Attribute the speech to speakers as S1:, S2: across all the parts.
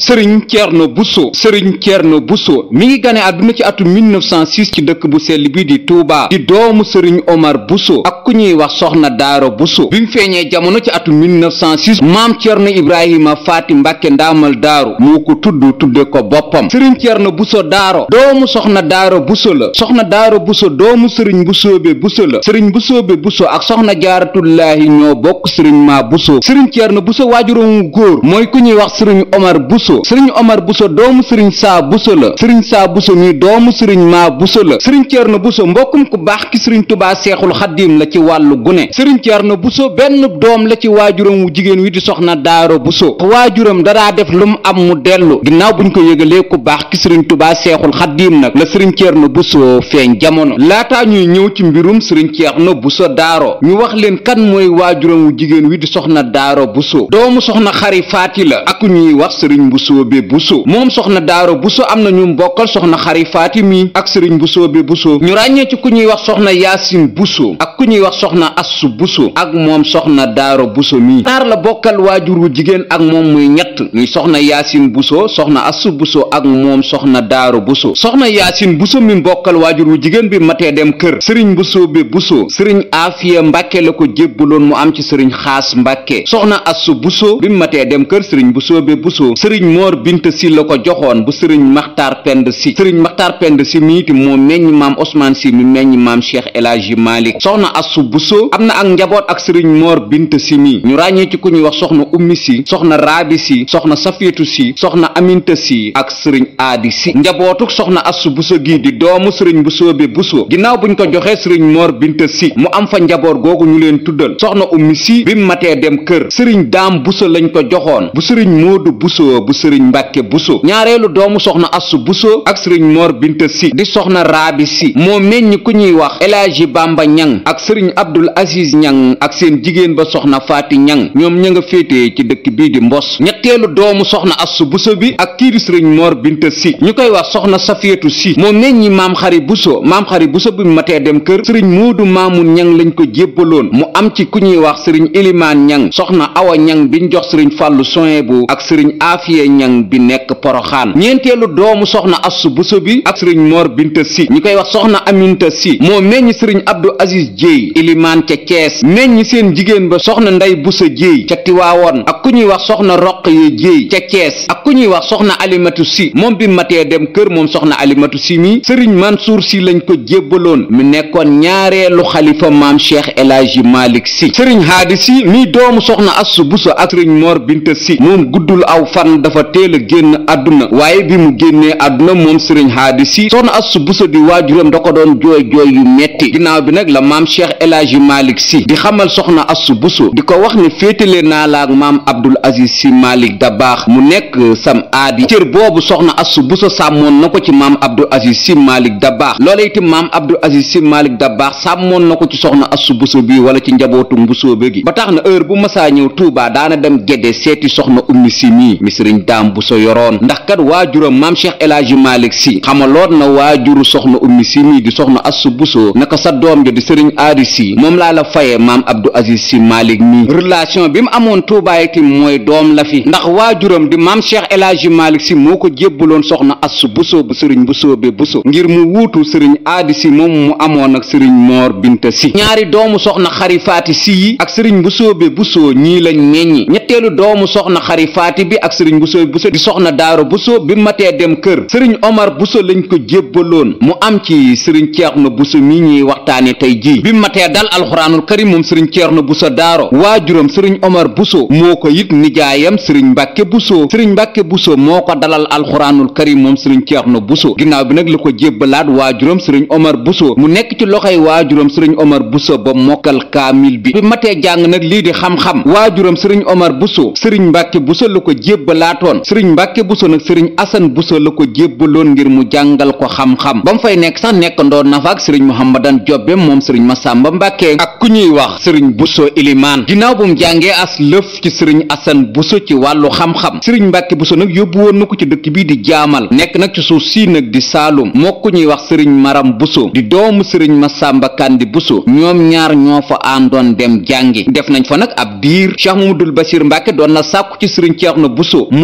S1: sëriñ Thierno Bousso sëriñ Thierno Bousso mi ngi gane àdduna ci atum 1906 ci dëkk bu sell bi di Touba di doomu sëriñ Omar Bousso ak ku ñuy wax soxna Daaro Bousso bi mu feeñee jamono ci atum 1906 maam Thierno Ibrahima Faati Mbàkke ndaamal Daaro moo ko tudd tudde ko boppam sëriñ Thierno Bousso Daaro doomu soxna Daaro Bousso la soxna Daaro Bousso doomu sëriñ Boussoobe Bousso la sëriñ Boussoobe Bousso ak soxna Jaaratullaahi ñoo bokk sëriñ Ma Bousso sëriñ Thierno Bousso waajuram góor mooy ñuy wax Bousso sëriñ Omar Bousso doomu sëriñ Saa Bousso la sëriñ Saa Bousso mi doomu sëriñ Maa Bousso la sëriñ Ceerno Bousso mbokkum ku baax ki sëriñ Tubaa Seexul Xaddiim la ci wàllu gune sëriñ Ceerno Bousso benn doom la ci waajuram jigéen wi di soxna Daaro Bousso waajuram dadaa def lu am mu dellu ginnaaw buñ ko yëgalee ku baax ki sëriñ Tubaa Seexul Xaddiim nag la sëriñ Ceerno Bousso feeñ jamono laataa ñuy ñëw ci mbirum sëriñ Ceerno Bousso Daaro ñu wax leen kan mooy waajuram wu jigéen wi di soxna Daaro Bousso doomu soxna Xari Faati la ak ñuy wax sëriñ Busoobe Buso moom soxna Daaro Buso am na ñu mbokkal soxna Xari Faati mi ak sëriñ Busoobe Buso ñu ràññee ci ku ñuy wax soxna Yaasin Buso ak ku ñuy wax soxna Assu Buso ak moom soxna Daaro Buso mi ñaar la bokkal waajur wu jigéen ak moom muy ñett muy soxna Yaasin Buso soxna Assu Buso ak moom soxna Daaro Buso soxna Yaasin Buso mi mbokkal waajur wu jigéen bi matee dem kër sëriñ Busoobe Buso sëriñ Afiya Mbàkke la ko jébbaloon mu am ci sëriñ Xaas Mbàkke soxna Assu Buso bi matee dem kër sëriñ Busoobe Buso sëriñ sëriñ moor binta la ko joxoon bu sëriñ maxtaar pend si sëriñ maxtaar pend si miiti moo meññ maam osmaan si mi meññ maam cheikh El Hadji Malick soxna assu buso am na ak njaboot ak sëriñ moor binta si mii ñu ràññee ci ku ñuy wax soxna ummi si soxna raabi si soxna safiyetu si soxna aminta si ak sëriñ aadi si njabootuk soxna assu buso gii di doomu sëriñ buso bi buso ginnaaw ñu ko joxee sëriñ moor binta si mu am fa njaboot googu ñu leen tuddal soxna ummi si bi mu matee dem kër sëriñ daam buso lañ ko joxoon bu sëriñ moodu buso bu sëriñ mbàkke buso ñaareelu doomu soxna assu buso ak sëriñ moor binta si di soxna raabi si moo meññ ku ñuy wax elaaji bamba ñang ak sëriñ abdul aziz ñang ak seen jigéen ba soxna faati ñang ñoom ña nga féetee ci dëkk bii di mbos ñetteelu doomu soxna astu buso bi ak kii di sëriñ moor binta si ñu koy wax soxna safiyatu si moo meññi maam xari buso maam xari buso bi matee dem kër sëriñ muudu maamun ñang lañ ko jébbaloon mu am ci ku ñuy wax sëriñ ilimaan ñang soxna awa ñang biñ jox sëriñ fàllu soin ñang bi nekk poroxaan ñeenteelu doomu soxna assu buso bi ak sëriñ moor binta si ñi koy wax soxna aminta si moo meññ sëriñ abdu aziz jéey ilimaan ca cees meññ seen jigéen ba soxna nday busa jéey ca tiwaawoon ak ku ñuy wax soxna roq ye jéey ak ku ñuy wax soxna alimatu si moom bi matee dem kër moom soxna alimatu si mi sëriñ mansuur si lañ ko jébbaloon mi nekkoon ñaareelu xalifa maam cheikh el hadji malik si sëriñ haadi si mi doomu soxna assu buso ak sëriñ moor binta si moom guddul aw fan dafa dafa teel a génn àdduna waaye bi mu génnee àdduna moom sëriñ haadi si soxna assu buso di waajuram da ko doon jooy jooy yu metti bi nag la maam cheikh elaaji malik si di xamal soxna assu buso di ko wax ne féetale naa la maam abdul aziz si malik da baax mu nekk sam aadi cër boobu soxna assu buso sàmmoon na ko ci maam abdul aziz si malik da baax loola itam maam abdul aziz si da baax sàmmoon na ko ci soxna assu buso bi wala ci njabootu mbusoo be gi ba tax na heure bu masaa ñëw tuubaa daana dem gedde seeti soxna ummi si mii mi sëriñ daam bu so yoroon ndax kat waajuram maam cheikh El Hadji Malick si xamaloon na waajuru soxna ummi si mii di soxna assu busoo naka sa doom jo di sëriñ aadi si moom laa la faye maam abdou aziz si malik mi relation bi mu amoon Tuubaa itam mooy doom la ndax waajuram di maam cheikh El Hadji Malick si moo ko jébbaloon soxna assu busoo bu sëriñ busoo be buso ngir mu wuutu sëriñ aadi si moom mu amoon ak sëriñ moor binta si ñaari doomu soxna xari faati si yi ak sëriñ busoo be Bousso Bousso di soxna Daaro Bousso bi matee dem kër sëriñ Omar Bousso lañ ko jébbaloon mu am ci sëriñ Ceerno Bousso mi ñuy waxtaane tey jii bi matee dal alxuraanul karim moom sëriñ Ceerno Bousso Daaro waajuram sëriñ Omar Bousso moo ko it nijaayam sëriñ Mbàkke Bousso sëriñ Mbàkke Bousso moo ko dalal alxuraanul karim moom sëriñ na Bousso ginnaaw bi nag li ko jébbalaat waajuram sëriñ Omar Bousso mu nekk ci loxoy waajuram sëriñ Omar Bousso ba mokkal kaamil bi bi matee jàng nag lii di xam-xam waajuram sëriñ Omar Bousso sëriñ yaatoon sëriñ mbàkke buso nag sëriñ asan buso la ko jébbaloon ngir mu jàngal ko xam-xam ba mu fay nekk sax nekkandoo na fa ak sëriñ muhammadan jobbe moom sëriñ masàmba mbàkke ak ku ñuy wax sëriñ buso ilimaan ginnaaw bu mu jàngee as lëf ci sëriñ asan buso ci wàllu xam-xam sëriñ mbàkke buso nag yóbbu woon na ko ci dëkk bii di jaamal nekk nag ci suuf sii nag di saalum moo ñuy wax sëriñ maram buso di doomu sëriñ masàmba kandi buso ñoom ñaar ñoo fa àndoon dem jàngi def nañ fa nag ab diir cheikh mamadul basir mbàkke doon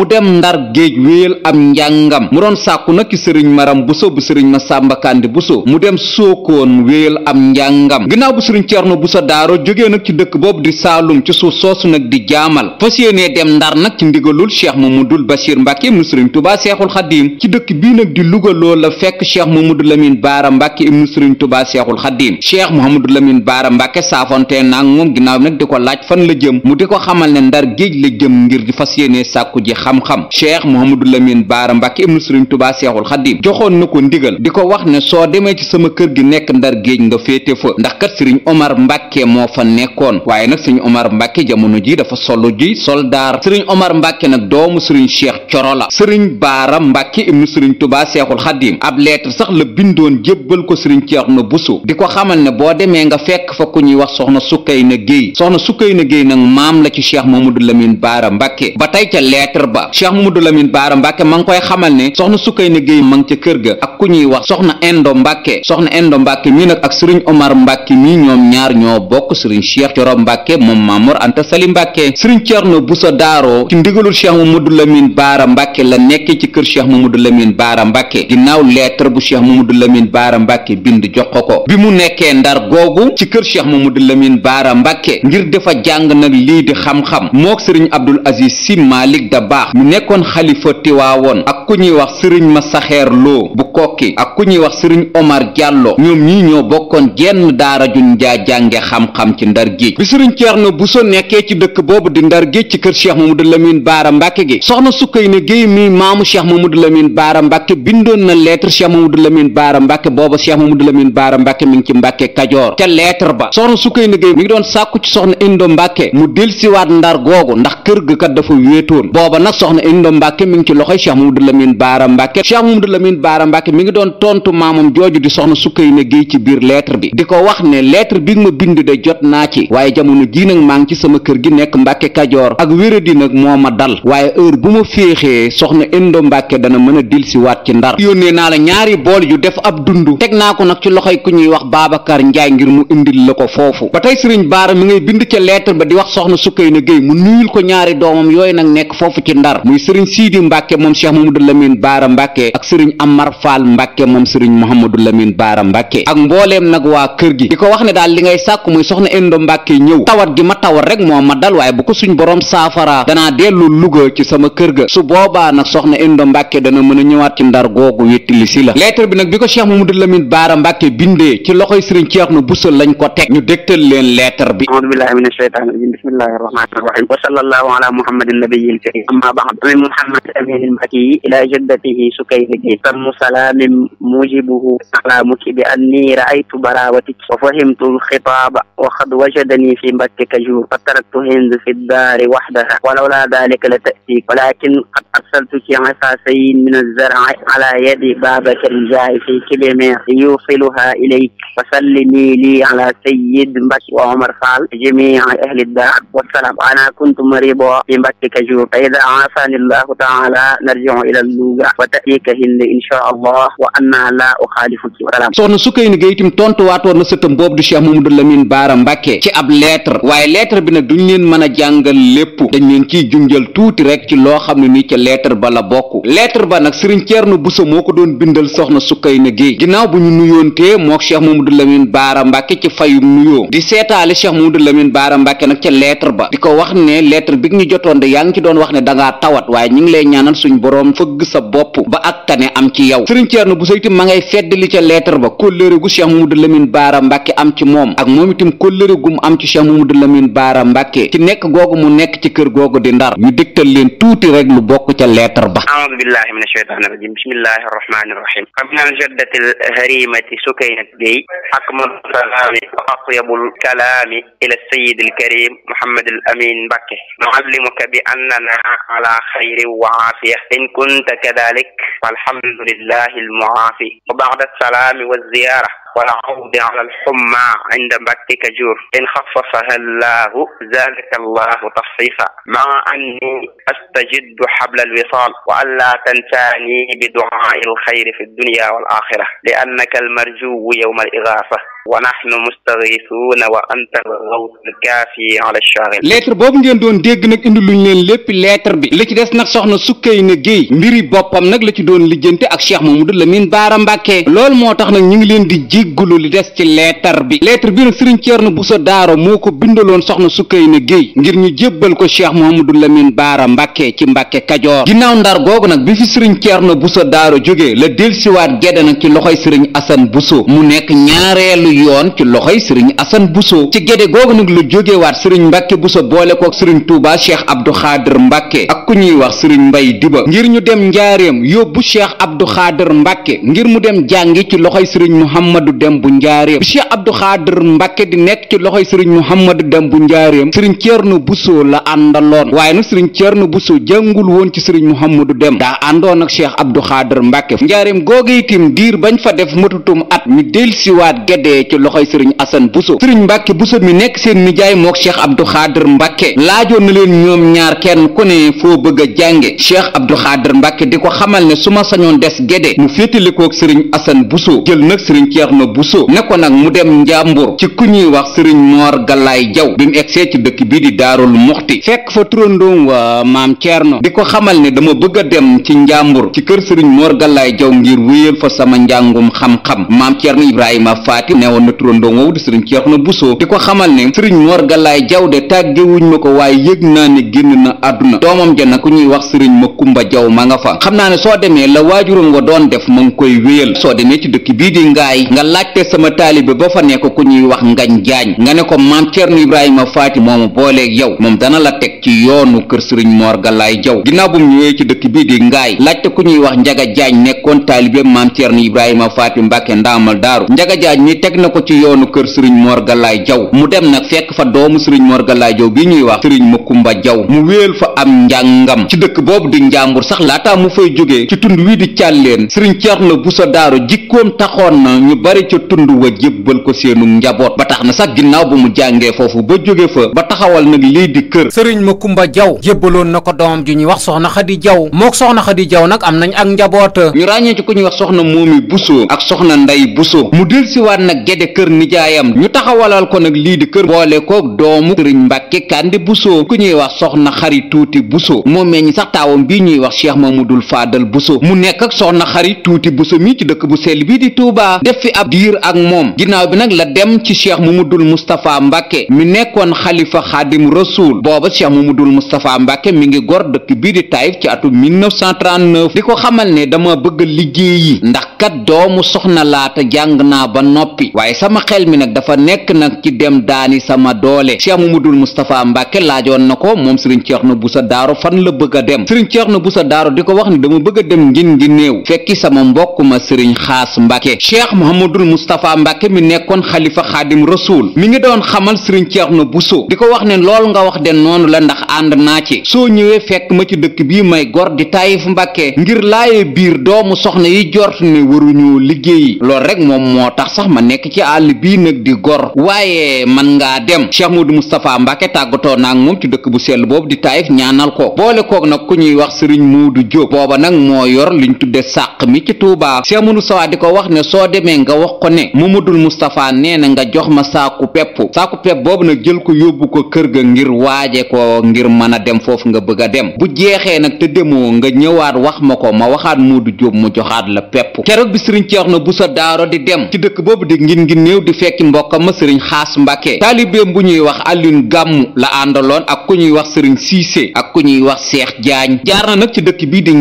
S1: mu dem ndar géej wéel am njàngam mu doon sàkku nag ci sëriñ maram buso bu sëriñ ma sàmbakandi buso mu dem sookoon wéel am njàngam ginnaaw bu sëriñ cerno buso daaro jógee nag ci dëkk boobu di saalum ci suuf su nag di jaamal fas yéenee dem ndar nag ci ndigalul cheikh mamadul bachir mbàkke ibnu sëriñ tubaa seexul xaddiim ci dëkk bii nag di luga loolu la fekk cheikh mamadou mu baara mbàkke ibnu sëriñ tubaa seexul xaddiim cheikh mahamadou lamine baara mbàkke saafonte naag moom ginnaaw nag di ko laaj fan mu di ko xamal ne ndar géej xam-xam cheikh mohamadou lamine baara mbàkke ibnu sëriñ tubaa seexul xadim joxoon na ko ndigal di ko wax ne soo demee ci sama kër gi nekk ndar géej nga féete fa ndax kat sëriñ omar mbàkke moo fa nekkoon waaye nag sëriñ omar mbàkke jamono ji dafa solo ji soldaar sëriñ omar mbàkke nag doomu sëriñ cheikh coro la sëriñ baara mbàkke ibnu sëriñ tubaa seexul xadim ab lettre sax la bindoon jébbal ko sëriñ Ceerno Buso di ko xamal ne boo demee nga fekk fa ku ñuy wax soxna sukkay na géey soxna sukkay na géey nag maam ba cheikh mamadou lamine baara mbàkke ma ngi koy xamal ne soxna sukkay ne géey ma ngi ca kër ga ak ku ñuy wax soxna indo mbàkke soxna indo mbàkke mii nag ak sëriñ omar mbàkke mii ñoom ñaar ñoo bokk sëriñ cheikh coro mbàkke moom mamor anta sali mbàkke sëriñ ceerno buso daaro ci ndigalul cheikh mamadou lamine baara mbàkke la nekkee ci kër cheikh mamadou lamine baara mbàkke ginnaaw lettre bu cheikh mamadou lamine baara mbàkke bind jox ko ko bi mu nekkee ndar googu ci kër mu mamadou lamine baara mbàkke ngir defa jàng nag lii di xam-xam mook sëriñ abdul aziz si malik da baax mu nekkoon xalifa tiwaawoon ak ku ñuy wax sëriñ ma saxeer loo kokki ak ku ñuy wax sëriñ omar jàllo ñoom ñi ñoo bokkoon genn daara juñ njaa jànge xam-xam ci ndar géej bi sëriñ ceerno buso nekkee ci dëkk boobu di ndar géej ci kër cheikh mamadou lamine baara mbàkke gi soxna sukkay ne géey mii maamu cheikh mamadou lamine baara mbàkke bindoon na lettre cheikh mamadou lamine baara mbàkke booba cheikh mamadou lamine baara mbàkke mi ngi ci mbàkke kajoor ca lettre ba soxna sukkay ne géey mi ngi doon sàkku ci soxna indo mbàkke mu delsiwaat ndar googu ndax kër ga kat dafa wéetoon booba nag soxna indo mbàkke mi ngi ci loxoy cheikh mamadou mi ngi doon tontu maamam jooju di soxna Sukayna Géey ci biir lettre bi di ko wax ne lettre bi ma bind de jot naa ci waaye jamono jii nag maa ngi ci sama kër gi nekk Mbàkke Kajoor ak wéradi nag moo ma dal waaye heure bu ma féexee soxna Indo Mbàkke dana mën a dilsiwaat ci Ndar yónnee naa la ñaari bool yu def ab dund teg naa ko nag ci loxoy ku ñuy wax Babacar Njaay ngir mu indil la ko foofu ba tey Sëriñ Baara mi ngay bind ca lettre ba di wax soxna Sukayna Géey mu nuyul ko ñaari doomam yooyu nag nekk foofu ci Ndar muy Sëriñ Siidi Mbàkke moom Cheikh Mamadou Lamine Baara Mbàkke ak Sëriñ fall mbàkke moom sëriñ Mouhamadou Lamine Baara Mbàkke ak mbooleem nag waa kër gi di ko wax ne daal li ngay sàkku muy soxna Endo Mbàkke ñëw tawat gi ma tawat rek moo ma dal waaye bu ko suñ borom saafara danaa dellu luga ci sama kër ga su boobaa nag soxna Endo Mbàkke dana mën a ñëwaat ci ndar googu wéttili si la lettre bi nag bi ko Cheikh Mouhamadou Lamine Baara Mbàkke
S2: bindee ci loxoy sëriñ Ceerno Bousso lañ ko teg ñu dégtal leen leetar bi a'uuzu billaahi mina shaytaani rajiim bismillaahi rahmaani rahiim wa sallallaahu alaa muhammadin nabiyil kariim ammaa ba'd min muhammad aminil كلام موجبه كلامك بأني رأيت براوتك وفهمت الخطاب وقد وجدني في مكة جور فتركت هند في الدار وحدها ولولا ذلك لتأتيك ولكن قد أرسلتك عصاصين من الزرع على يد بابك الجاه في كلمة ليوصلها إليك وسلمي لي على سيد مبكي وعمر فال جميع أهل الدار والسلام أنا كنت مريضا في مكة كجور فإذا عافاني الله تعالى نرجع إلى اللوغة وتأتيك هند إن شاء الله allah wa anna la uxaalifu salaam soxna Sukayna Gaye itam
S1: tontuwaatoon na sëtam boobu du Cheikh Mamadou Lamine Baara Mbacke ci ab lettre waaye lettre bi nag duñ leen mën a jàngal lépp dañ leen ciy junjal tuuti rek ci loo xam ne nii ca lettre ba la bokk lettre ba nag Serigne Thierno Bousso moo ko doon bindal soxna Sukayna Gaye ginnaaw bu ñu nuyoontee mook Cheikh Mamadou Lamine Baara Mbacke ci fayum nuyoo di seetaale Cheikh Mamadou Lamine Baara Mbacke nag ca lettre ba di ko wax ne lettre bi ñu jotoon de yaa ngi ci doon wax ne dangaa tawat waaye ñu ngi lay ñaanal suñ boroom fëgg sa bopp ba ak tane Thierno Bousso itam ma ngay feddali ca lettre ba kóllëre gu Cheikh Mamadou Lamine Baara Mbàkke am ci moom ak moom itam kóllëre gu mu am ci Cheikh Mamadou Lamine Baara Mbàkke ci nekk googu mu nekk ci kër googu di ndar ñu digtal leen tuuti rek lu bokk ca lettre ba
S2: aoudu billahi min asheytaani rajim bismillahi rahmaani rahim fa min aljaddati alharimati sukaynat bey akmal salaami wa atyabul kalaami ila sayid alkarim mohamad al amin Mbàkke nuallimuka bi annana ala xayri wa aafiya in kunta kadalik walhamdulillahi المعافي وبعد السلام والزيارة والعود على الحمى عند بك كجور إن خففها الله ذلك الله تخفيفا مع أني أستجد حبل الوصال وألا تنساني بدعاء الخير في الدنيا والآخرة لأنك المرجو يوم الإغاثة ونحن مستغيثون وأنت الغوث الكافي على الشاغل
S1: lettre boobu ngeen doon dégg nag indi luñ leen lépp lettre bi li ci des nag soxna sukkay na géey mbiri boppam nag la ci doon lijjante ak Cheikh Mamadou Lamine Bara Mbacké loolu moo tax nag ñu ngi leen di ji jéggulu li des ci leetar bi leetar bi nag sëriñ Ceerno Buso Daaro moo ko bindaloon soxna Sukayna Géey ngir ñu jébbal ko Cheikh Mouhamadou Lamine Baara Mbàkke ci Mbàkke Kajoor ginnaaw ndar googu nag bi fi sëriñ Ceerno Buso Daaro jógee la delsiwaat gedde nag ci loxoy sëriñ Asan Buso mu nekk ñaareelu yoon ci loxoy sëriñ Asan Buso ci gedde googu nag lu jógewaat sëriñ Mbàkke Buso boole kook sëriñ Touba Cheikh Abdou Xaadir Mbàkke ak ku ñuy wax sëriñ Mbay Diba ngir ñu dem njaareem yóbbu Cheikh Abdou Xaadir Mbàkke ngir mu dem jàngi ci dem bu njaareem bi cheikh abdou xaadir mbàkke di nekk ci loxoy sëriñ mouhamadu dem bu njaareem sëriñ ceerno busoo la àndaloon waaye nag sëriñ ceerno busoo jàngul woon ci sëriñ mouhamadu dem daa àndoon ak cheikh abdou xaadir mbàkke njaareem googu itim diir bañ fa def matutum at ñu delsiwaat gedee ci loxoy sëriñ asan buso sëriñ mbàkke buso mi nekk seen nijaay mook cheikh abdou xaadir mbàkke laajoon na leen ñoom ñaar kenn ku ne bëgg a jànge cheikh abdou xaadir mbàkke di ko xamal su ma sañoon des gede buso Ibrahima Bousso ne ko nag mu dem njàmbur ci ku ñuy wax sëriñ Moor Galaay Jaw bi mu egsee ci dëkk bii di Daarul Muxti fekk fa turandoom waa maam na di ko xamal ne dama bëgg a dem ci njàmbur ci kër sëriñ Moor Galaay Jaw ngir wéyal fa sama njàngum xam-xam maam Ceerno Ibrahima Faati ne woon na turandoom woowu di sëriñ Ceerno Bousso di ko xamal ne sëriñ Moor Galaay Jaw de tàggewuñ ma ko waaye yëg naa ne génn na àdduna doomam ja na ku ñuy wax sëriñ Makumba Jaw ma nga fa xam naa ne soo demee laajte sama taalibe ba fa nekk ku ñuy wax ngañ jaañ nga ne ko maam Cerno Ibrahima Faati moomu booleeg yow moom dana la teg ci yoonu kër sëriñ Moor Galaay Jaw ginnaaw bu ñëwee ci dëkk bii di ngaay ku ñuy wax njaga jaañ nekkoon taalibe maam Cerno Ibrahima Faati Mbàkke ndaamal daaru njaga jaañ mi teg na ko ci yoonu kër sëriñ Moor Galaay Jaw mu dem nag fekk fa doomu sëriñ Moor Galaay bi ñuy wax sëriñ Makumba Jaw mu wéel fa am njàngam ci dëkk boobu di njàmbur sax laataa mu fay jógee ci tund wii di càlleen sëriñ Cerno Buso Daaru jikkoom taxoon na ñu bari ca tund wa jébbal ko seenu ba tax na sax ginnaaw ba mu jàngee foofu ba jóge fa ba taxawal nag lii di kër sëriñ ma kumba jaw jébbaloon na ko doomam ju ñuy wax soxna xadi jaw mook soxna xadi jaw nag am nañ ak njaboot ñu ràññee ku ñuy wax soxna moomi busoo ak soxna nday busoo mu del siwaat nag gede kër nijaayam ñu taxawalal ko nag lii di kër boole koog doomu sëriñ mbàkke kandi busoo ku ñuy wax soxna xari tuuti busoo moo meññ sax taawam bii ñuy wax cheikh mamadul faadal busoo mu nekk ak soxna xari tuuti busoo mi ci dëkk bu sell bii di tuubaa def fi ab diir ak moom ginnaaw bi nag la dem ci cheikh mumudul mustapha mbàkke mi nekkoon xalifa xaadim rasuul booba mu cheikh mumudul mustapha mbàkke mi ngi gor dëkk bii di taayif ci atum 1939 di ko xamal ne dama bëgg liggéeyi ndax kat doomu soxna laata jàng naa ba noppi waaye sama xel mi nag dafa nekk nag ci dem daani sama doole cheikh dul mustapha mbàkke laajoon na ko moom na bu sa daaro fan la dem a ceex na bu sa daaro di ko wax ne dama bëgg a dem ngin ngi néew fekki sama mbokk ma sëriñ xaas mbàkke Mouhamadul Moustapha Mbàkke mi nekkoon xalifa xaadim rasuul mi ngi doon xamal sëriñ Ceerno Buso di ko wax ne lool nga wax de noonu la ndax ànd naa ci soo ñëwee fekk ma ci dëkk bi may gor di Taayif Mbàkke ngir laaye biir doomu soxna yi jort ne waruñoo liggéeyi loolu rek moom moo tax sax ma nekk ci àll bii nag di gor waaye man ngaa dem Cheikh Mouhamadou Moustapha Mbàkke tàggatoo naa ak moom ci dëkk bu sell boobu di Taayif ñaanal ko boole koog nag ku ñuy wax sëriñ Muudu Jóob booba nag wax mu ne mamadul nee na nga jox ma saaku pepp saaku pepp boobu nag jël ko yóbbu ko kër ga ngir waaje ko ngir mën a dem foofu nga bëgg a dem bu jeexee nag te demoo nga ñëwaat wax ma ko ma waxaat du Jóob mu joxaat la pepp keroog bi sëriñ bu sa Daaro di dem ci dëkk boobu di ngin ngi néew di fekki mbokka ma sëriñ Xaas Mbàkke taalibeem bu ñuy wax Alioune Gàmmu la àndaloon ak ku ñuy wax sëriñ Siise ak ku ñuy wax Seex Jaañ jaar na nag ci dëkk bii di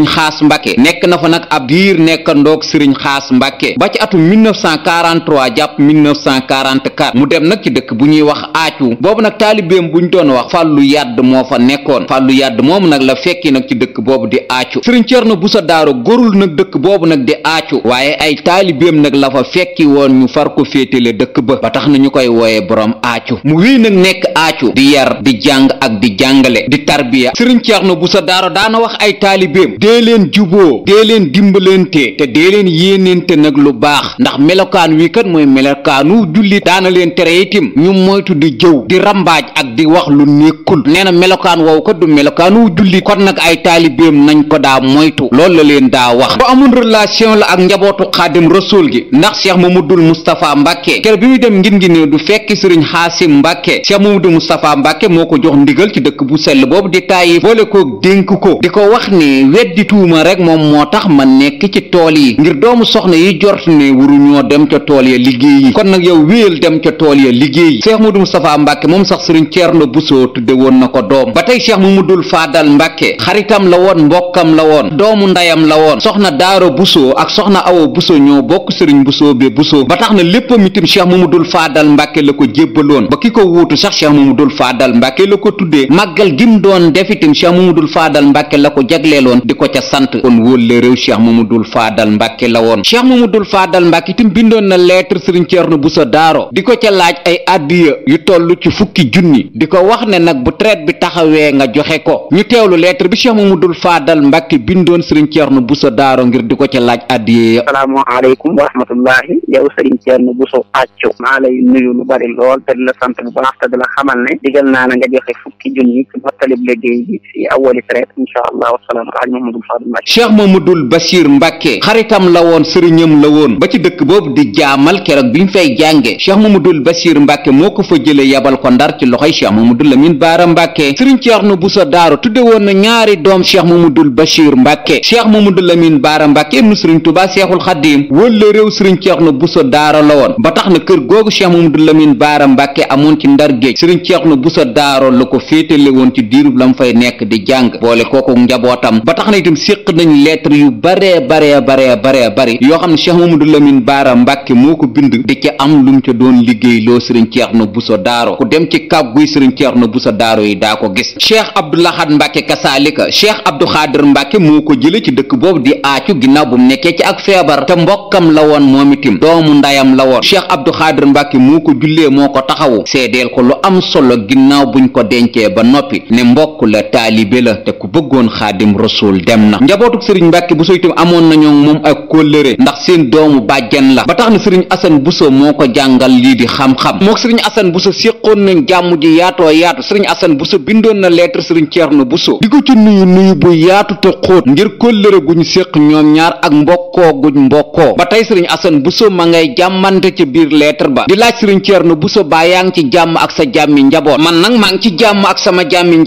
S1: sëriñ xaas mbàkke nekk na fa nag ab diir nekkandoog sëriñ xaas mbàkke ba ci atum 1943 jàpp 1944 mu dem nag ci dëkk bu ñuy wax aacu boobu nag taalibeem buñ doon wax fàllu yàdd moo fa nekkoon fàllu yàdd moom nag la fekki nag ci dëkk boobu di aacu sëriñ cerno busa daaro gorul nag dëkk boobu nag di aacu waaye ay taalibeem nag la fa fekki woon ñu far ko féetale dëkk ba ba tax na ñu koy wooye boroom aacu mu wii nag nekk aacu di yar di jàng ak di jàngale di tarbiya sëriñ cerno busa dee leen juboo dee leen dimbalante te dee leen yéeneente nag lu baax ndax melokaan wii kat mooy melokaanu jullit daana leen tere itim ñu moytu di jëw di rambaaj ak di wax lu nekkul nee na melokaan woowu ko du melokaanu jullit kon nag ay taalibeem nañ ko daa moytu loolu la leen daa wax bu amul relation la ak njabootu xaadim rasul gi ndax ma mamadul moustapha mbàkke kër bi muy dem ngin ngi ne du fekk sëriñ xaasim mbàkke cheikh mamadul moustapha mbàkke moo ko jox ndigal ci dëkk bu sell boobu ci tuuma rek moom moo tax ma nekk ci tool yi ngir doomu soxna yi jort ne waruñoo dem ca tool ya liggéeyi kon nag yow wéyal dem ca tool ya liggéey cheikh Modou Moustapha Mbacke moom sax sëriñ Thierno Bousso tudde woon na ko doom ba tey cheikh Mamadou Fadal Mbacke xaritam la woon mbokkam la woon doomu ndeyam la woon soxna Daaro Bousso ak soxna Awo Bousso ñoo bokk sëriñ Bousso be Bousso ba tax na léppam mu mu dul Fadal Mbacke la ko jébbaloon ba ki ko wuutu sax mu dul Fadal Mbacke la ko tuddee màggal gim doon def itam ca sant kon wóolle réew cheikh mamadul faadal mbàkke la woon cheikh mamadul faadal mbàkke itam bindoon na lettre sëriñ ceerno buso daaro di ko ca laaj ay addiya yu toll ci fukki junni di ko wax ne nag bu traite bi taxawee nga joxe ko ñu teewlu lettre bi cheikh mamadul faadal mbàkke bindoon sëriñ ceerno buso daaro
S2: ngir di ko ca laaj addiya ya asalaamu aleykum wa rahmatullahi yow sëriñ ceerno buso accu maa lay nuyu lu bari lool te di la sant bu baax te di la xamal ne naa la nga joxe fukki junni ci
S3: mottalib Mamadou Fadal Mbacke
S1: dul Mamadou Bachir Mbacke xaritam la woon sëriñam la woon ba ci dëkk boobu di jaamal keroog bi ñu fay jànge ma Cheikh Mamadou Bachir Mbacke moo ko fa jële yabal ko ndar ci loxoy Cheikh Mamadou Lamine Baara Mbacke sëriñ Thierno Bousso Daaro tudde woon na ñaari doom Cheikh Mamadou Bachir Mbacke Cheikh Mamadou Lamine Baara Mbacke ibnu sëriñ Touba Seexul Xaddiim wëlle réew sëriñ na Bousso Daaro la woon ba tax na kër googu Cheikh Mamadou Lamine Baara Mbacke amoon ci ndar géej sëriñ Thierno Bousso Daaro la ko féetale woon ci diirub lam fay nekk di jàng boole kooku itam séq nañ lettre yu baree baree baree baree bari yoo xam ne Cheikh Mamadou Lamine Baara Mbàkke moo ko bind di ca am lu ca doon liggéey loo sëriñ bu Buso Daaro ku dem ci kàgguy sëriñ na Ceerno sa Daaro yi daa ko gis Cheikh Abdou Lahad Mbàkke kasaalika Cheikh Abdou Xaadir Mbàkke moo ko jële ci dëkk boobu di aacu ginnaaw bu mu nekkee ci ak feebar te mbokkam la woon moom itam doomu ndayam la woon Cheikh Abdou Xaadir moo ko jullee moo ko taxawu seedeel ko lu am solo ginnaaw buñ ko dencee ba noppi ne mbokk la taalibe la te ku bëggoon xaadim rasul dem na njabootuk sëriñ mbàkke buso itam amoon nañoo moom ak kóllëre ndax seen doomu bàjjen la ba tax na sëriñ asan buso moo ko jàngal lii di xam-xam mook sëriñ asan buso séqoon nañ jàmm ji yaatoo yaatu sëriñ asan buso bindoon na lettre sëriñ ceerno buso di ko ci nuyu nuyu bu yaatu te xoot ngir kóllëre guñ séq ñoom ñaar ak mbokkoo guñ mbokkoo ba tey sëriñ asan buso ma ngay jàmmante ca biir lettre ba di laaj sëriñ ceerno buso baa yaa ngi ci jàmm ak sa jàmmi njaboot man nag maa ngi ci jàmm ak sama jàmmi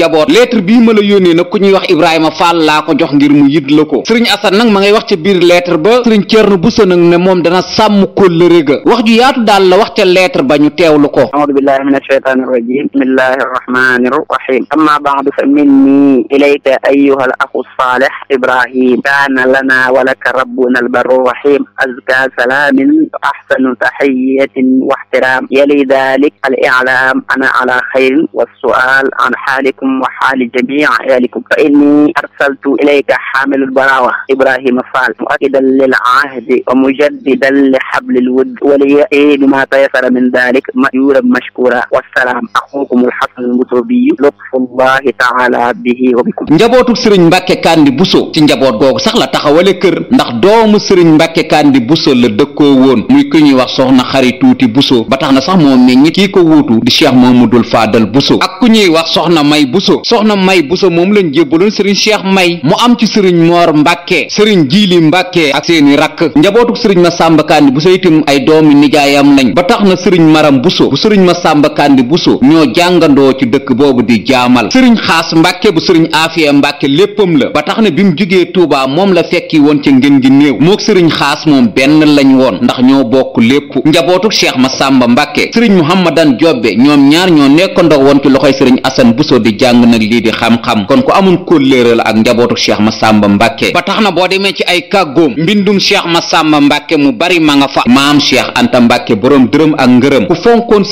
S1: wax ngir mu yit la ko sëriñ Assane nag ma ngay wax ca biir lettre ba sëriñ Thierno Bousso nag ne moom dana sàmm kóllëre ga wax ju yaatu daal la wax ca
S2: lettre ba ñu teewlu ko aoudu billahi min ashaytani irrajim bismillahi arrahmani irrahim amma baadu fa minni ilayka ayyuha al axu salih ibrahim kaana lana wa laka rabbuna albarru rahim azka salaamin wa axsanu taxiyatin wa ixtiraam yali dalik al iclaam ana ala xayrin wa sual an xaalikum wa xaali jamii ahlikum fa inni arsaltu ilayka ilayka xaamilul barawa ibrahima fall muakidan lil ahdi wa mujaddidan li xablil wudd waliya'i bima tayassara min dalik ma'yuran mashkura wassalaam axukumul xasanul mutubiyu lutfullahi taala bihi wa bikum
S1: njabootu sëriñ mbàkke kandi buso ci njaboot googu sax la taxawale kër ndax doomu sëriñ mbàkke kandi buso la dëkkoo woon muy ku ñuy wax soxna xari tuuti buso ba tax na sax moo meññi kii ko wuutu di mu dul faadal buso ak ku ñuy wax soxna may buso soxna may buso moom lañ jébbaloon sëriñ cheikh may am ci sëriñ moor mbàkke sëriñ jiili mbàkke ak seeni rakk njabootuk sëriñ ma sàmba bu buso itam ay doomi nijaayam lañ ba tax na sëriñ maram buso bu sëriñ ma sàmba kandi buso ñoo jàngandoo ci dëkk boobu di jaamal sëriñ xaas mbàkke bu sëriñ aafiya mbàkke léppam la ba tax na bi mu jugee tuubaa moom la fekki woon ci ngën gi néew mook sëriñ xaas moom benn lañu woon ndax ñoo bokk lépp njabootuk cheikh ma sàmba mbàkke sëriñ muhammadan jobbe ñoom ñaar ñoo nekkandoo woon ci loxoy sëriñ asan buso di jàng nag lii di xam kon ku amul kóllëre la ak njabootuk cheikh Masamba Mbàkke ba tax na boo demee ci ay kàggoom mbindum cheikh Masamba Mbàkke mu bari ma nga fa maam cheikh Anta Mbàkke boroom dërëm ak ngërëm ku fonkoon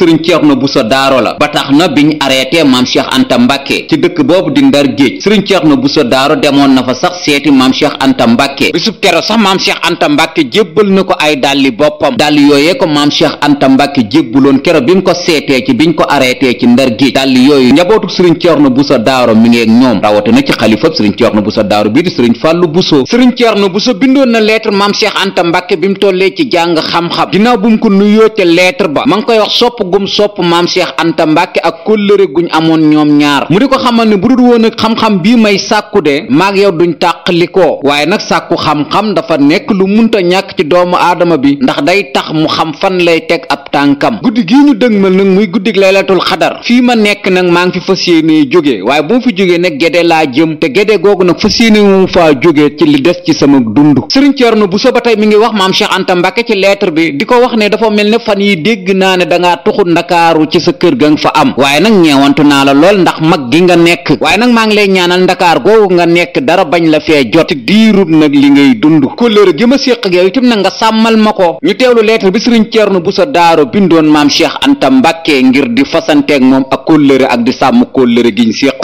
S1: na bu sa Daaro la ba tax na biñ arrêté maam cheikh Anta Mbàkke ci dëkk boobu di Ndar Géej sëriñ Ceerno Buso Daaro demoon na fa sax seeti maam cheikh Anta Mbàkke bisub kero sax maam cheikh Anta Mbàkke jébbal na ko ay dàlli boppam dàlli yooyee ko maam cheikh Anta Mbàkke jébbuloon kero bi mu ko seetee ci biñ ko arrêté ci Ndar Géej dàlli yooyu njabootu sëriñ Ceerno Buso Daaro mi ngi ak daaru bii di sëriñ fàllu buso sëriñ ceerno buso bindoon na lettre maam cheikh anta mbàkke bi tollee ci jàng xam-xam ginnaaw bu ko nuyoo ca lettre ba ma ngi koy wax sopp gum sopp maam cheikh anta mbàkke ak kóllëre guñ amoon ñoom ñaar mu di ko xamal ne bu dul woon ak xam-xam bi may sàkku de maag yow li ko waaye nag sàkku xam-xam dafa nekk lu munta ñàkk ci doomu aadama bi ndax day tax mu xam fan lay teg ab tànkam guddi gii ñu dëgmal nag muy guddig laylatul xadar ma mu fi jógee nag géde laa jëm te yéenewum faa jóge ci li des ci sama dund sëriñ Thierno Bousso ba tey mi ngi wax maam Cheikh Anta Mbacke ci lettre bi di ko wax ne dafa mel ne fan yi dégg naa ne dangaa tuxu ndakaaru ci sa kër ga nga fa am waaye nag ñeewantu naa la lool ndax mag gi nga nekk waaye nag maa ngi lay ñaanal ndakaar googu nga nekk dara bañ la fee jot ci diirub nag li ngay dund kóllëre gi ma séq ak yow itam nag nga sàmmal ma ko ñu teewlu lettre bi sëriñ Thierno Bousso Daaro bindoon
S2: maam Cheikh Anta ngir di fasanteeg moom ak kóllëre ak di sàmm kóllëre giñ séq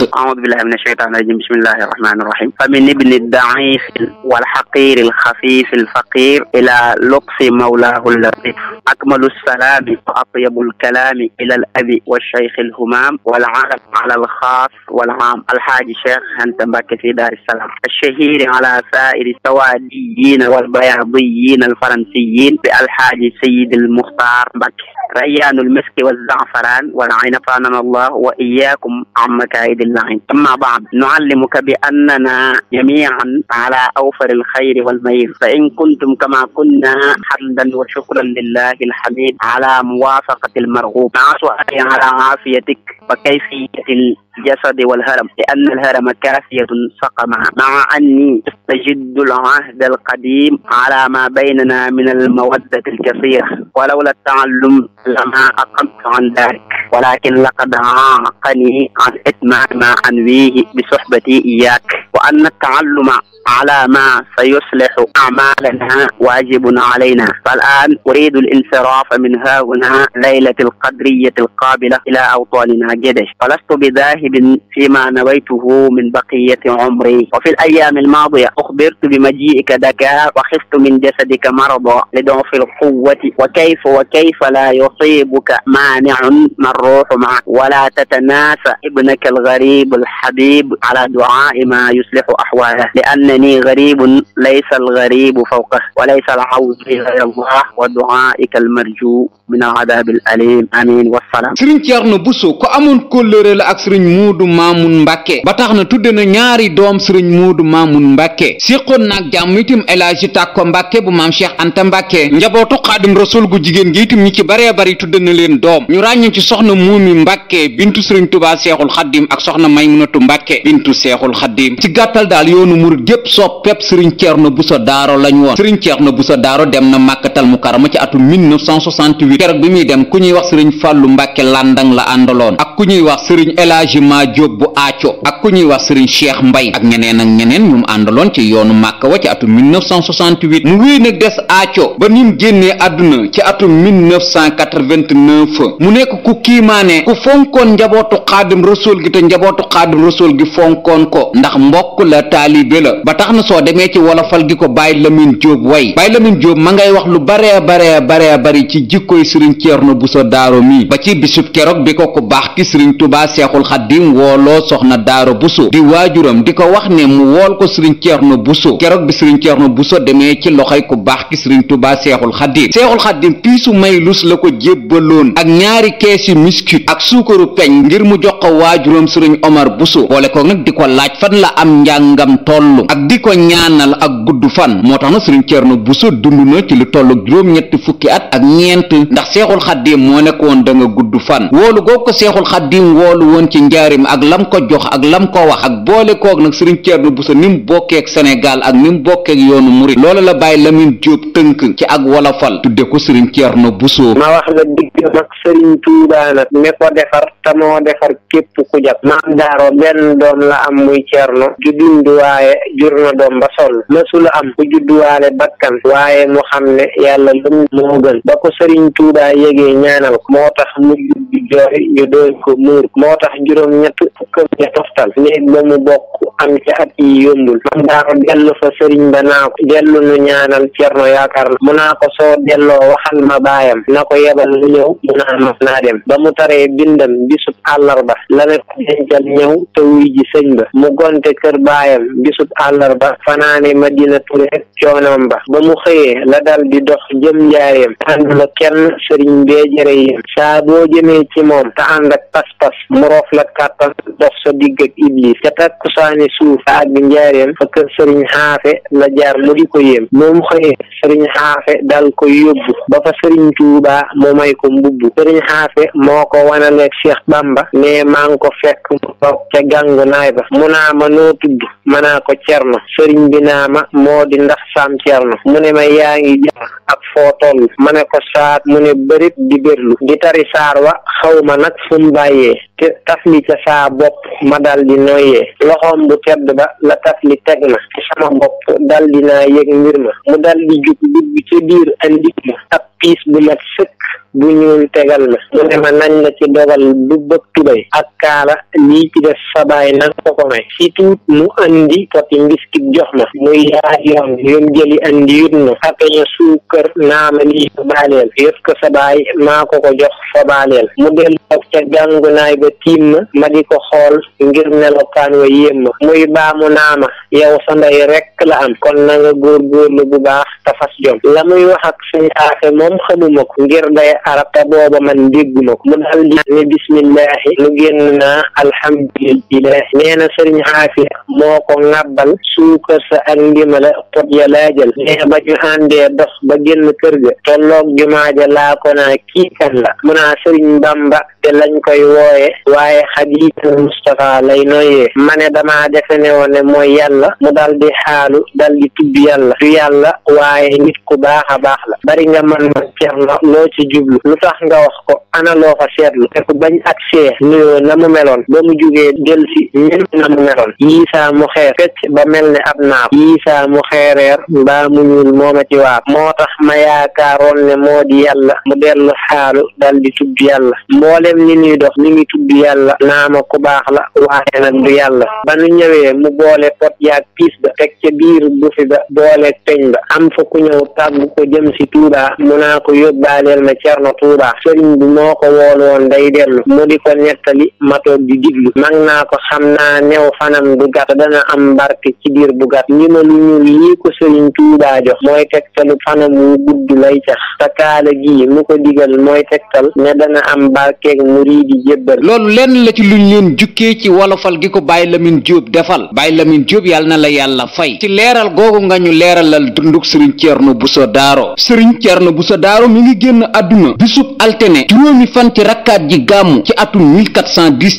S2: min ibni daifi walxaqiri alxafifi alfaqir ila lutfi mawlaahu latif akmalu salaami wa atyabu alkalaami ila al abi walcheikh alhumaam walalam ala alxaas walaam alxaaji cheikh Anta Mbàkke fi daari salaam alchahiri ala sairi sawaadiyiina walbayaadiyiina alfaransiyiin bi alxaaji sayid almuxtaar Mbàkke rayaanu almiski walzafaraan walainafaanana allah wa iyaakum an makaayidi llain amma baad nuallimuka bi annana جميعا على أوفر الخير والمير فإن كنتم كما كنا حمدا وشكرا لله الحميد على موافقة المرغوب مع سؤالي على عافيتك وكيفية الجسد والهرم لأن الهرم كافية سقما مع أني أستجد العهد القديم على ما بيننا من المودة الكثيرة ولولا التعلم لما أقمت عن ذلك ولكن لقد عاقني عن إتمام ما أنويه بصحبتي إياك wa anna taalluma على ما سيصلح أعمالنا واجب علينا فالآن أريد الانصراف من هنا ليلة القدرية القابلة إلى أوطاننا جدش ولست بذاهب فيما نويته من بقية عمري وفي الأيام الماضية أخبرت بمجيئك دكار وخفت من جسدك مرضا لضعف القوة وكيف وكيف لا يصيبك مانع من الروح معك ولا تتناسى ابنك الغريب الحبيب على دعاء ما يصلح أحواله لأن innani garibun laysa algaribu fawqa wa laysa alhawdi gayra allah wa duaika almarju min aladabi al alim amin wassalaam sëriñ Ceerno Buso ko amoon kóllëre
S1: la ak sëriñ Muudu Maamun Mbàkke ba tax na tudde na ñaari doom sëriñ Muudu Maamun Mbàkke séqoon nag jàmm itam El Hadji Tàkko Mbàkke bu maam Cheikh Anta Mbàkke njabootu Xaadim Rasul gu jigéen gi itam ñi ci baree bari tudde na leen doom ñu ràññee ci soxna Muumi Mbàkke bintu sëriñ Tubaa Seexul Xaddim ak soxna Maymunatu Mbàkke bintu Seexul Xaddim ci gàttal daal yoonu murid gépp soppeb sëriñ Ceerno Buso Daaro lañ woon sëriñ Ceerno Buso Daaro dem na màkkatal mukarama ci atum 1968 keroog bi muy dem ku ñuy wax sëriñ Fàllu Mbàkke Landang la àndaloon ak ku ñuy wax sëriñ Elaaji Ma Jóob bu Aaco ak ku ñuy wax sëriñ Cheikh Mbay ak ñeneen ak ñeneen ñu mu àndaloon ci yoonu Màkka wa ci atum 1968 mu wéy nag des Aaco ba ni mu génnee àdduna ci atum 1989 mu nekk ku kiimaane ku fonkoon njabootu xaadim rasuul gi te njabootu xaadim rasuul gi fonkoon ko ndax mbokk la taalibe tax na soo demee ci wolofal gi ko Baye Lamine Diop way Baye Lamine jóob ma ngay wax lu baree bare baree bari ci jikkoy sëriñ Ceerno Buso Daaro mi ba ci bisub keroog bi ko ku baax ki sëriñ Tubaa Seexul Xaddim wooloo soxna Daaro Buso di waajuram di ko wax ne mu wool ko sëriñ Ceerno Buso keroog bi sëriñ Ceerno Buso demee ci loxoy ku baax ki sëriñ Tubaa Seexul Xaddim Seexul Xaddim piisu may lus la ko jébbaloon ak ñaari kees keesi miskit ak suukaru peñ ngir mu jox ko waajuram sëriñ Omar Buso boole ko nag di ko laaj fan la am njàngam tollu ak di ko ñaanal ak gudd fan moo tax na sëriñ Cerno Buso dund na ci lu toll juróom-ñetti fukki at ak ñeent ndax seexul xaddiim moo nekk woon da gudd fan woolu goo ko seexul xaddiim woolu woon ci njaarim ak lam ko jox ak lam ko wax ak boole koog nag sëriñ Cerno Buso ni mu bokkeek Sénégal ak ni mu bokkeek yoonu murit loola la bàyyi Lamin Jóob tënk ci ak wolofal tudde ko sëriñ Cerno Buso ma
S3: wax la digg mag sëriñ Tuubaa nag ne ko defar te moo defar képp ku jag maam daaro benn doom la am muy Cerno ju dund waaye jur na doom ba sonn mësula am ku judduwaale bakkan waaye mu xam ne yàlla lum moo gën ba ko sëriñ Tuubaa yégee ñaanal ko moo tax mu juddu jooy ñu doon ko muur moo tax juróom ñett fukkam ya toftal néeg bokk am ca at yi yombul man daaro dellu fa sëriñ ba naa ko dellu nu ñaanal cerno yaakaar na mu naa ko soo delloo waxal ma baayam na ko yebal mu ñëw mu naa ma naa dem ba mu taree bindam bisub àllarba la ne ko dencal ñëw te wuy ji sëñ ba mu gonte kër baayam bisub àllarba àllarba fanaane madina mu xëyee la dal di dox jëm njaareem ànd la kenn saa boo jëmee ci moom te ànd ak pas-pas mu roof la kàttan dox sa digg ak iblis te takkusaani suuf a àgg njaareem fa kër sëriñ xaafe la jaar mu di ko yéem moom xëyee sëriñ xaafe dal ko yóbbu ba fa sëriñ tuubaa mu may ko mbubbu sëriñ xaafe moo ko wanaleeg Cheikh Bamba ne maa ngi ko fekk ca gàngu ba mu naa ma noo tudd ma naa ko cer Cerno sëriñ bi naa ma moo di ndax Sam Cerno mu ne ma yaa ngi jàng ak foo ma ne ko saat mu ne bërit di bérlu di tari saar wa xaw ma nag fu mu bàyyee te tafli ca saa bopp ma dal di noyyee loxoom bu tedd ba la tafli teg na ci sama bopp dal dinaa yëg mbir ma mu dal di jug dugg ca biir andi ma ab piis bu mat sëkk bu ñuul tegal ma mu ne ma nañ la ci dogal bu bëgg tubay ak kaala lii ci def sa baay nag ko ko may si tuut mu andi poti mbiskit jox ma muy yaay yoon yom jëli andi yut ma xapeña suukër naa ma lii sa baaleel yot ko sa baay ko ko jox sa baaleel mu del toog ca gàngunaay ba tiim ma ma ko xool ngir melokaan wa yéem ma muy baamu naa ma yow sa ndey rekk la am kon góor nga góorgóorlu bu baax tafas jom la muy wax ak suñu moom xamuma ko ngir day arab te booba man dégguma ko mu daal di ne bismillahi nu génn naa alhamdulilahi nee na sëriñ xaafiya moo ko ŋàbbal suukar sa ak ndimala pot ya laa jël ba ñu àndee dox ba génn kër ga tolloog jumaa laa ko naa kii la mu naa sëriñ bamba te lañ koy wooye waaye xadiija mustapha lay noyee ma ne damaa defe ne woon mooy yàlla mu dal di xaalu dal di tudd du yàlla waaye nit ku baax baax la bari nga man man cerno loo ci jublu lu tax nga wax ko ana loo fa seetlu te ku bañ ak see nuyoo na mu meloon ba mu jugee del si na mu meloon yii mu xeer fecc ba mel ne ab naa yii saa mu xeereer mbaa mu ñuul mooma ci waab moo tax ma yaakaaroon ne moo di yàlla mu dellu xaalu dal di tudd yàlla mboolem ni ñuy dox ni ngi tudd yàlla naa ma ku baax la waaye nag du yàlla ba nu ñëwee mu boole pot yaag piis ba teg ca biir bu gufi ba boole peñ ba am fa ku ñëw tàggu ko jëm si tuubaa mu naa Cerno sëriñ bi moo ko wool woon day dellu mu di ko nettali ma toog di diglu mag naa ko xam naa new fanam du gàtt dana am barke ci diir bu gàtt li ma lu ñuul lii ko sëriñ Tuuba jox mooy tegtalu fanam wu gudd lay cax te kaala gii mu ko digal mooy tegtal ne dana am barkeeg muriidi jébbal loolu lenn la ci luñ leen jukkee ci wolofal gi ko Baye
S1: lamin Diop defal bay Lamine Diop yàlla na la yàlla fay ci leeral googu nga ñu leeralal dunduk sëriñ Cerno Buso Daaro sëriñ Cerno Daaro àjjuma bisub altene juróomi fan ci rakkaat ji gàmmu ci atum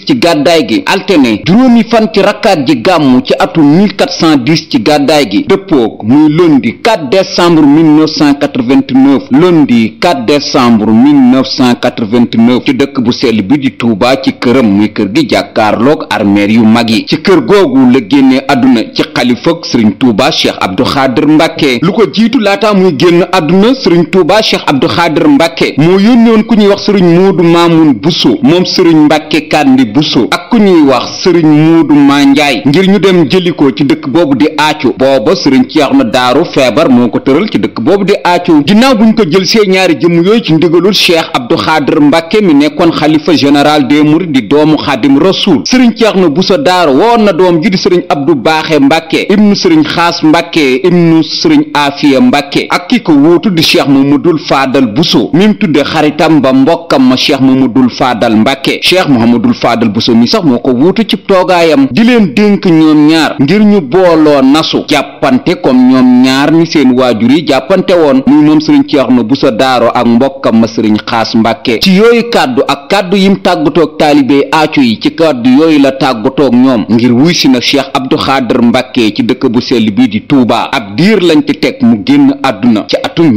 S1: ci gàddaay gi altene juróomi fanti ci rakkaat ji gàmmu ci atum 1410 ci gàddaay gi dëppook muy lundi 4 décembre 1989 lundi 4 décembre 1989 ci dëkk bu sell bi di Touba ci këram muy kër gi jàkkaarloog armeer yu mag yi ci kër googu la génnee adduna ci xalifak sëriñ Touba Cheikh Abdou Khadir Mbacke lu ko jiitu laata muy génn àdduna sëriñ Touba Cheikh Abdou Khadir Mbacke moo yónnoon ku ñuy wax sëriñ Moodu Maamun Buso moom sëriñ Mbàkke Kandi Buso ak ku ñuy wax sëriñ Moodu Manjaay ngir ñu dem jëlikoo ci dëkk boobu di aaco booba sëriñ na Daaru feebar moo ko tëral ci dëkk boobu di aaco ginnaaw ñu ko jël see ñaari jëmm yooyu ci ndigalul Cheikh Abdou Xaadir Mbàkke mi nekkoon xalifa général des di doomu Xaadim Rasuul sëriñ Ceerno Buso Daaru woon na doom ji di sëriñ Abdou Baaxe Mbàkke ibnu sëriñ Xaas Mbàkke ibnu sëriñ Afiya Mbàkke ak ki ko wóotu di Cheikh Mamadul Faadal Buso tudde xaritam ba mbokkam ma cheikh mamadul faadal mbàkke cheikh mohamadul faadal buso mi sax moo ko wuutu ci toogaayam di leen dénk ñoom ñaar ngir ñu booloo nasu jàppante comme ñoom ñaar ni seen waajur yi jàppante woon muy moom sëriñ Ceerno Buso Daaro ak mbokkam ma sëriñ Xaas Mbàkke ci yooyu kàddu ak kàddu mu tàggatoog taalibe aacu yi ci kàddu yooyu la tàggatoog ñoom ngir wuy na nag Cheikh Abdu Xaadir Mbàkke ci dëkk bu sell bii di Tuubaa ab diir lañ mu génn àdduna ci atum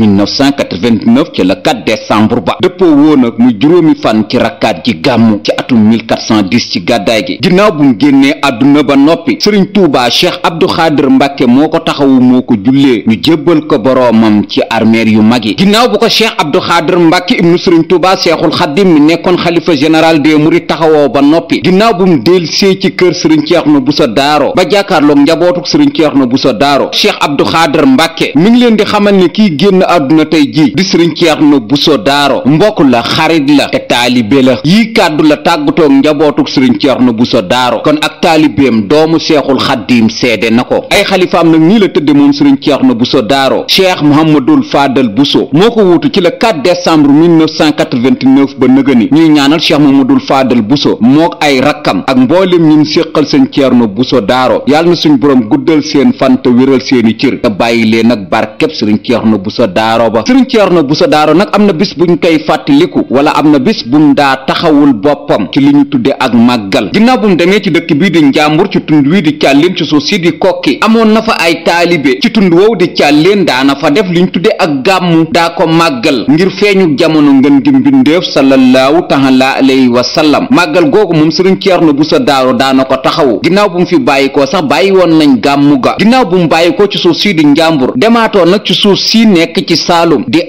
S1: décembre ba dëppoo woo nag mu juróomi fan ci rakkaat ji gàmmu ci atum 1410 ci gàddaay gi ginnaaw bu mu génnee àdduna ba noppi sëriñ Touba Cheikh Abdou Khadir mbakke moo ko taxawu moo ko jullee ñu jébbal ko boroomam ci armeel yu mag yi ginnaaw bu ko Cheikh Abdou Khadir Mbacke ibnu sëriñ Touba Cheikhul Khadim mi nekkoon xalifa général des Mourides taxawoo ba noppi ginnaaw bu mu dellusee ci kër sëriñ Cheikhna Bousso Daaro ba jàkkaarloog njabootuk sëriñ Cheikhna Bousso Daaro Cheikh Abdou Khadir Mbacke mi ngi leen di xamal ne kii génn àdduna tey ji di sëriñ Cheikhna Bousso Daaro daaro mbokk la xarit la te taalibe la yii kàddu la tàggatoog njabootuk sëriñ Ceerno Buso Daaro kon ak taalibeem doomu seexul xaddiim seede na ko ay xalifaam nag nii la tëdde moom sëriñ Ceerno Buso Daaro cheikh Mouhamadul Fadal Buso moo ko wuutu ci la 4 décembre 1989 ba nëgëni ñuy ñaanal cheikh Mouhamadul Fadal Buso mook ay rakkam ak mboolem ñun séqal sëñ Ceerno Buso Daaro yàlla na suñ borom guddal seen fan te wéral seeni cër te bàyyi leen ak barkeb sëriñ Ceerno Buso Daaro ba sëriñ Ceerno Buso Daaro nag am na bis buñ koy fàttaliku wala am na bés bu bum daa taxawul boppam ci li ñu tudde ak màggal ginnaaw bu mu demee ci dëkk bii di njàmbur ci tund wii di càlleen ci suuf si di kokki amoon na fa ay taalibe ci tund wow di càlleen daana fa def li ñu tudde ak gàmmu daa ko màggal ngir feeñu jamono ngën gi mbindeef sallallahu taala alayhi wa sallam màggal googu moom sëriñ Ceerno Buso Daaro daana ko taxawu ginnaaw bu mu fi bàyyi ko sax bàyyi woon nañ gàmmu ga ginnaaw bu mu bàyyi ci suuf si di njàmbur demaatoo nag ci suuf si nekk ci saalum di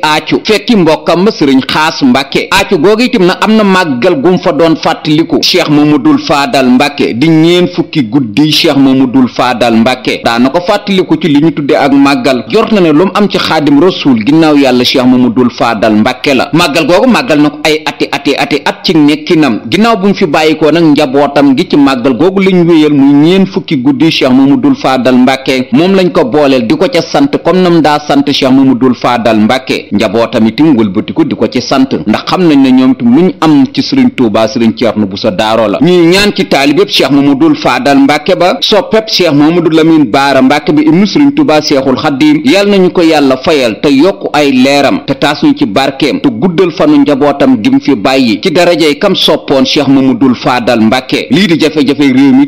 S1: sëriñ xaas mbàkke aaco googu itam na am na màggal gum fa doon fàttaliku cheikh mamadul faadal mbàkke di ñeen fukki guddi cheikh mamadul faadal mbàkke daana ko fàttaliku ci li ñu tudde ak màggal jort na ne lu am ci xaadim rasul ginnaaw yàlla cheikh mamadul faadal mbàkke la màggal googu màggal na ko ay ati ati ati at ci nekkinam ginnaaw bu mu fi bàyyikoo nag njabootam ngi ci màggal googu lañ wéyal muy ñeen fukki guddi cheikh dul faadal mbàkke moom lañ ko booleel di ko ca sant comme nam daa sant cheikh dul faadal mbàkke njabootam itam wëlbatiku ko di ko ci sant ndax xam nañ ne ñoom itam luñ am ci sëriñ ceex sëriñ bu sa Daaro la ñuy ñaan ci taalibeb Cheikh Mamadul Faadal Mbàkke ba soppeb Cheikh Mamadul Lamin Baara Mbàkke bi ibnu sëriñ Touba Seexul Xaddiim yal nañu ko yàlla fayal te yokk ay leeram te taas ñu ci barkeem te guddal fanu njabootam gim fi bàyyi ci darajey kam soppoon Cheikh Mamadul Faadal Mbàkke lii di jafe-jafe réew mi